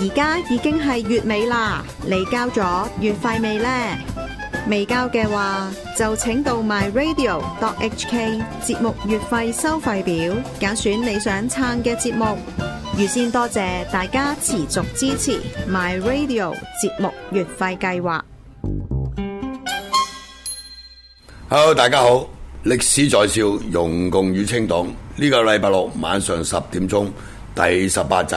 而家已經係月尾啦，你交咗月費未呢？未交嘅話，就請到 MyRadio.HK 節目月費收費表，揀選你想撐嘅節目。預先多謝大家持續支持 My Radio 節目月費計劃。Hello，大家好，歷史在笑，容共與清黨。呢個禮拜六晚上十點鐘，第十八集。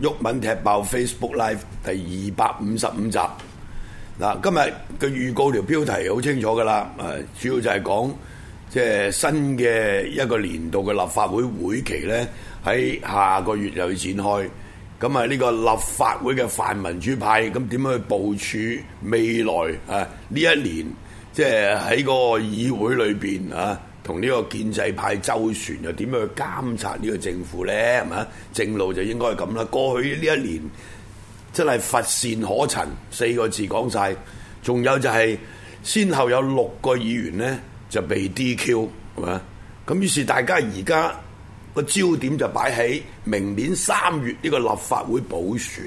毓民踢爆 Facebook Live 第二百五十五集，嗱，今日嘅預告條標題好清楚㗎喇，誒主要就係講即係新嘅一個年度嘅立法會會期咧，喺下個月又要展開，咁啊呢個立法會嘅泛民主派咁點樣去部署未來啊呢一年，即係喺個議會裏邊啊。同呢個建制派周旋又點樣去監察呢個政府呢？係嘛？正路就應該係咁啦。過去呢一年真係乏善可陳四個字講晒。仲有就係、是、先後有六個議員呢就被 DQ 係嘛？咁於是大家而家個焦點就擺喺明年三月呢個立法會補選。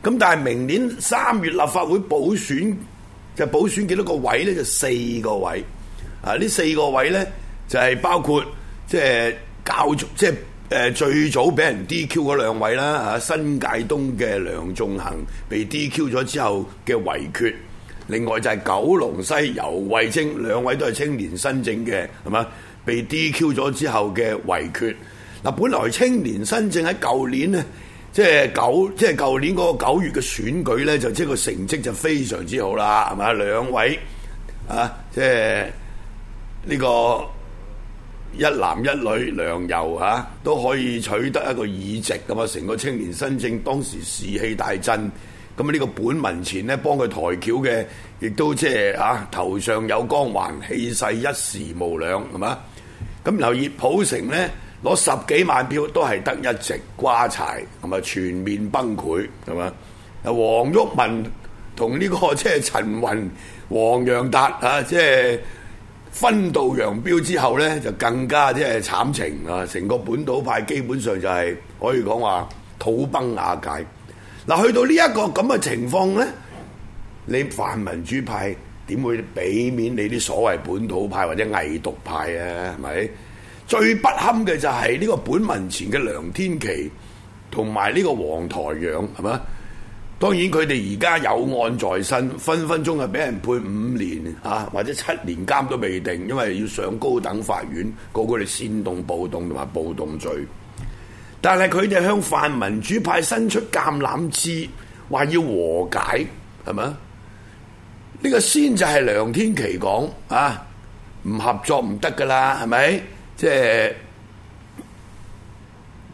咁但係明年三月立法會補選就補選幾多個位呢？就四個位。啊！呢四個位咧，就係、是、包括即係、就是、教即係誒最早俾人 DQ 嗰兩位啦嚇、啊，新界東嘅梁頌恆被 DQ 咗之後嘅遺缺，另外就係九龍西游蕙禎兩位都係青年新政嘅，係嘛？被 DQ 咗之後嘅遺缺。嗱、啊，本來青年新政喺舊年咧，即、就、係、是、九即係舊年嗰個九月嘅選舉咧，就即係個成績就非常之好啦，係嘛？兩位啊，即、就、係、是。呢、這個一男一女梁游吓都可以取得一個議席咁啊！成個青年新政當時士氣大振，咁啊呢、這個本文前呢，幫佢抬轎嘅，亦都即、就、係、是、啊頭上有光環，氣勢一時無兩，係嘛？咁熱普城呢，攞十幾萬票都係得一席瓜柴，咁、呃、啊，全面崩潰，係嘛？啊黃毓民同呢個即係、就是、陳雲、黃洋達啊，即、就、係、是。分道揚鑣之後呢，就更加即係慘情啊！成個本土派基本上就係、是、可以講話土崩瓦解。嗱、啊，去到呢、這、一個咁嘅情況呢，你泛民主派點會俾面你啲所謂本土派或者偽獨派啊？係咪？最不堪嘅就係呢個本民前嘅梁天琦同埋呢個黃台仰係嘛？當然佢哋而家有案在身，分分鐘係俾人被判五年吓、啊，或者七年監都未定，因為要上高等法院告佢哋煽動暴動同埋暴動罪。但係佢哋向泛民主派伸出橄欖枝，話要和解，係咪？呢個先就係梁天琦講啊，唔合作唔得噶啦，係咪？即係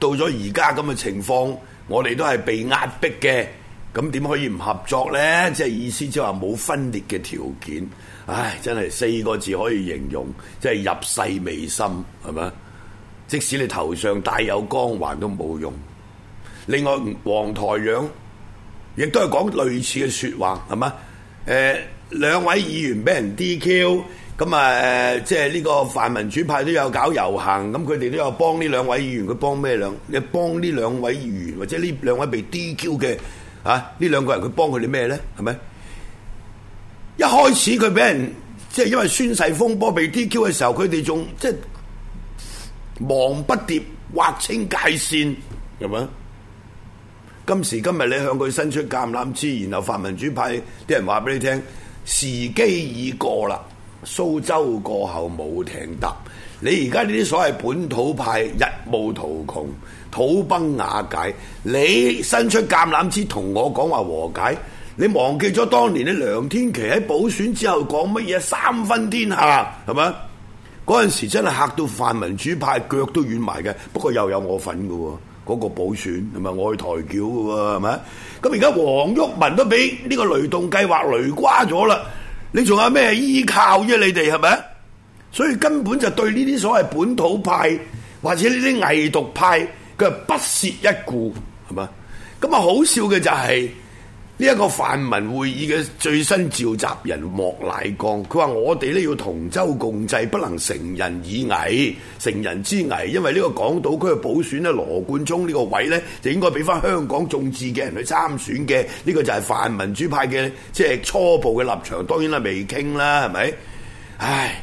到咗而家咁嘅情況，我哋都係被壓迫嘅。咁點可以唔合作呢？即係意思即係話冇分裂嘅條件。唉，真係四個字可以形容，即係入世未深，係咪？即使你頭上帶有光環都冇用。另外，黃台長亦都係講類似嘅説話，係嗎？誒、呃，兩位議員俾人 DQ，咁啊、呃，即係呢個泛民主派都有搞遊行，咁佢哋都有幫呢兩位議員，佢幫咩兩？你幫呢兩位議員，或者呢兩位被 DQ 嘅？啊！呢兩個人佢幫佢哋咩咧？係咪？一開始佢俾人即係因為宣誓風波被 DQ 嘅時候，佢哋仲即係忙不迭劃清界線，係咪？今時今日你向佢伸出橄欖枝，然後泛民主派啲人話俾你聽，時機已過啦，蘇州過後冇艇搭。你而家呢啲所謂本土派日暮途窮土崩瓦解，你伸出橄欖枝同我講話和解，你忘記咗當年你梁天琦喺補選之後講乜嘢三分天下係咪？嗰陣時真係嚇到泛民主派腳都軟埋嘅，不過又有我份嘅喎，嗰個補選係咪我去抬轎嘅喎係咪？咁而家黃毓民都俾呢個雷動計劃雷瓜咗啦，你仲有咩依靠啫？你哋係咪？所以根本就對呢啲所謂本土派或者呢啲偽獨派，佢係不屑一顧，係嘛？咁啊好笑嘅就係呢一個泛民會議嘅最新召集人莫乃光，佢話我哋咧要同舟共濟，不能成人以危，成人之危，因為呢個港島區嘅補選咧，羅冠中呢個位咧，就應該畀返香港眾志嘅人去參選嘅。呢個就係泛民主派嘅即係初步嘅立場，當然啦，未傾啦，係咪？唉。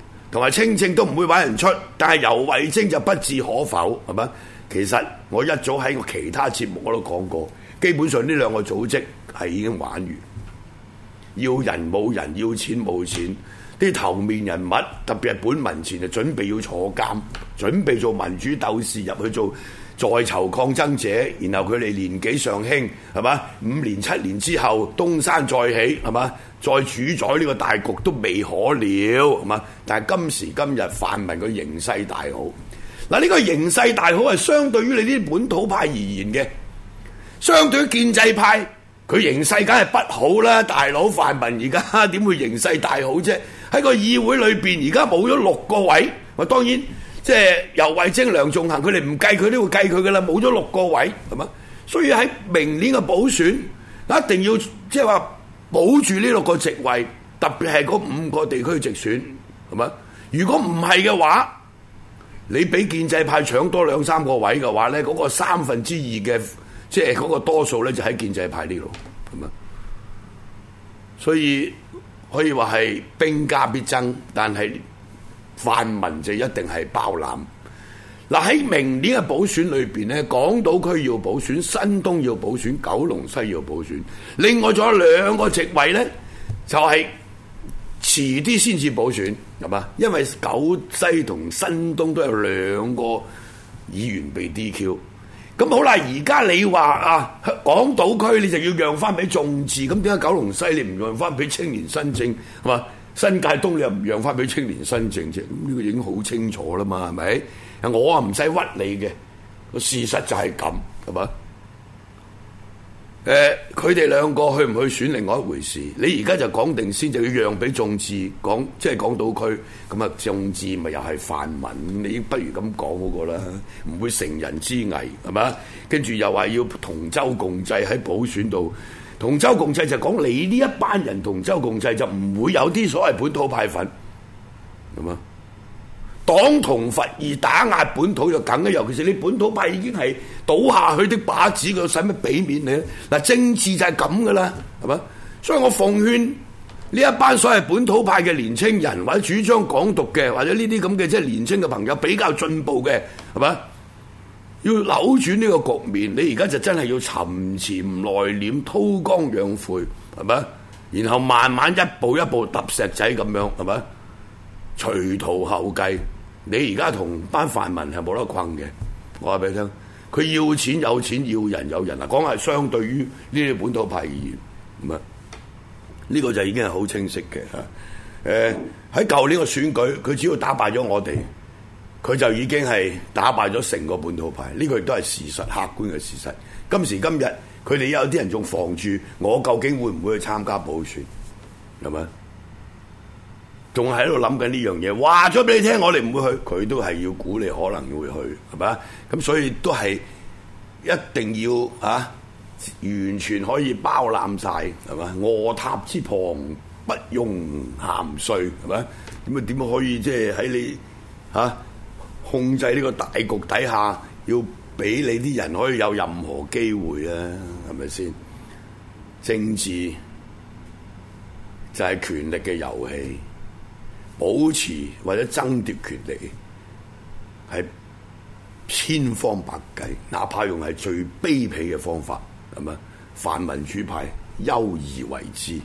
同埋青政都唔會搵人出，但係游蕙禎就不置可否，係嘛？其實我一早喺個其他節目我都講過，基本上呢兩個組織係已經玩完，要人冇人，要錢冇錢，啲頭面人物特別係本民前就準備要坐監，準備做民主鬥士入去做。在囚抗爭者，然後佢哋年紀尚輕，係嘛？五年七年之後，東山再起，係嘛？再主宰呢個大局都未可了，係嘛？但係今時今日，泛民佢形勢大好。嗱，呢個形勢大好係相對於你啲本土派而言嘅，相對於建制派，佢形勢梗係不好啦。大佬，泛民而家點會形勢大好啫？喺個議會裏邊，而家冇咗六個位，我當然。即係游蕙禎、梁頌恆，佢哋唔計佢，都會計佢噶啦。冇咗六個位，係嘛？所以喺明年嘅補選，一定要即係話保住呢六個席位，特別係嗰五個地區直選，係嘛？如果唔係嘅話，你俾建制派搶多兩三個位嘅話咧，嗰個三分之二嘅即係嗰個多數咧，就喺建制派呢度，係嘛？所以可以話係兵家必爭，但係。泛民就一定係包攬。嗱，喺明年嘅補選裏邊咧，港島區要補選，新東要補選，九龍西要補選，另外仲有兩個席位呢，就係、是、遲啲先至補選，係嘛？因為九西同新東都有兩個議員被 DQ。咁好啦，而家你話啊，港島區你就要讓翻俾眾志，咁點解九龍西你唔讓翻俾青年新政？係嘛？新界東你又唔讓翻俾青年新政啫，咁呢個已經好清楚啦嘛，係咪？我啊唔使屈你嘅，個事實就係咁係嘛？誒，佢哋兩個去唔去選另外一回事。你而家就講定先，就要讓俾眾志講，即係講到佢咁啊，眾志咪又係泛民，你不如咁講嗰個啦，唔會成人之危係嘛？跟住又話要同舟共濟喺補選度。同舟共濟就講你呢一班人，同舟共濟就唔會有啲所謂本土派份。係嘛？黨同伐異打壓本土就梗嘅，尤其是你本土派已經係倒下去啲靶子，佢使乜俾面你咧？嗱，政治就係咁噶啦，係嘛？所以我奉勸呢一班所謂本土派嘅年青人，或者主張港獨嘅，或者呢啲咁嘅即係年青嘅朋友比較進步嘅，係嘛？要扭轉呢個局面，你而家就真係要沉潛內斂、韜光養晦，係咪？然後慢慢一步一步揼石仔咁樣，係咪？隨途後繼，你而家同班泛民係冇得困嘅。我話俾你聽，佢要錢有錢，要人有人啊。講係相對於呢啲本土派而言，唔係呢個就已經係好清晰嘅嚇。誒喺舊年個選舉，佢只要打敗咗我哋。佢就已經係打敗咗成個本土派，呢個亦都係事實，客觀嘅事實。今時今日，佢哋有啲人仲防住我，究竟會唔會去參加補選，係咪？仲喺度諗緊呢樣嘢，話咗俾你聽，我哋唔會去，佢都係要鼓勵可能會去，係咪？咁所以都係一定要啊，完全可以包攬晒，係咪？卧榻之旁，不用鹹碎，係咪？點啊點可以即係喺你啊？控制呢個大局底下，要俾你啲人可以有任何機會啊？係咪先？政治就係權力嘅遊戲，保持或者爭奪權力係千方百計，哪怕用係最卑鄙嘅方法，係咪？泛民主派，優而為之。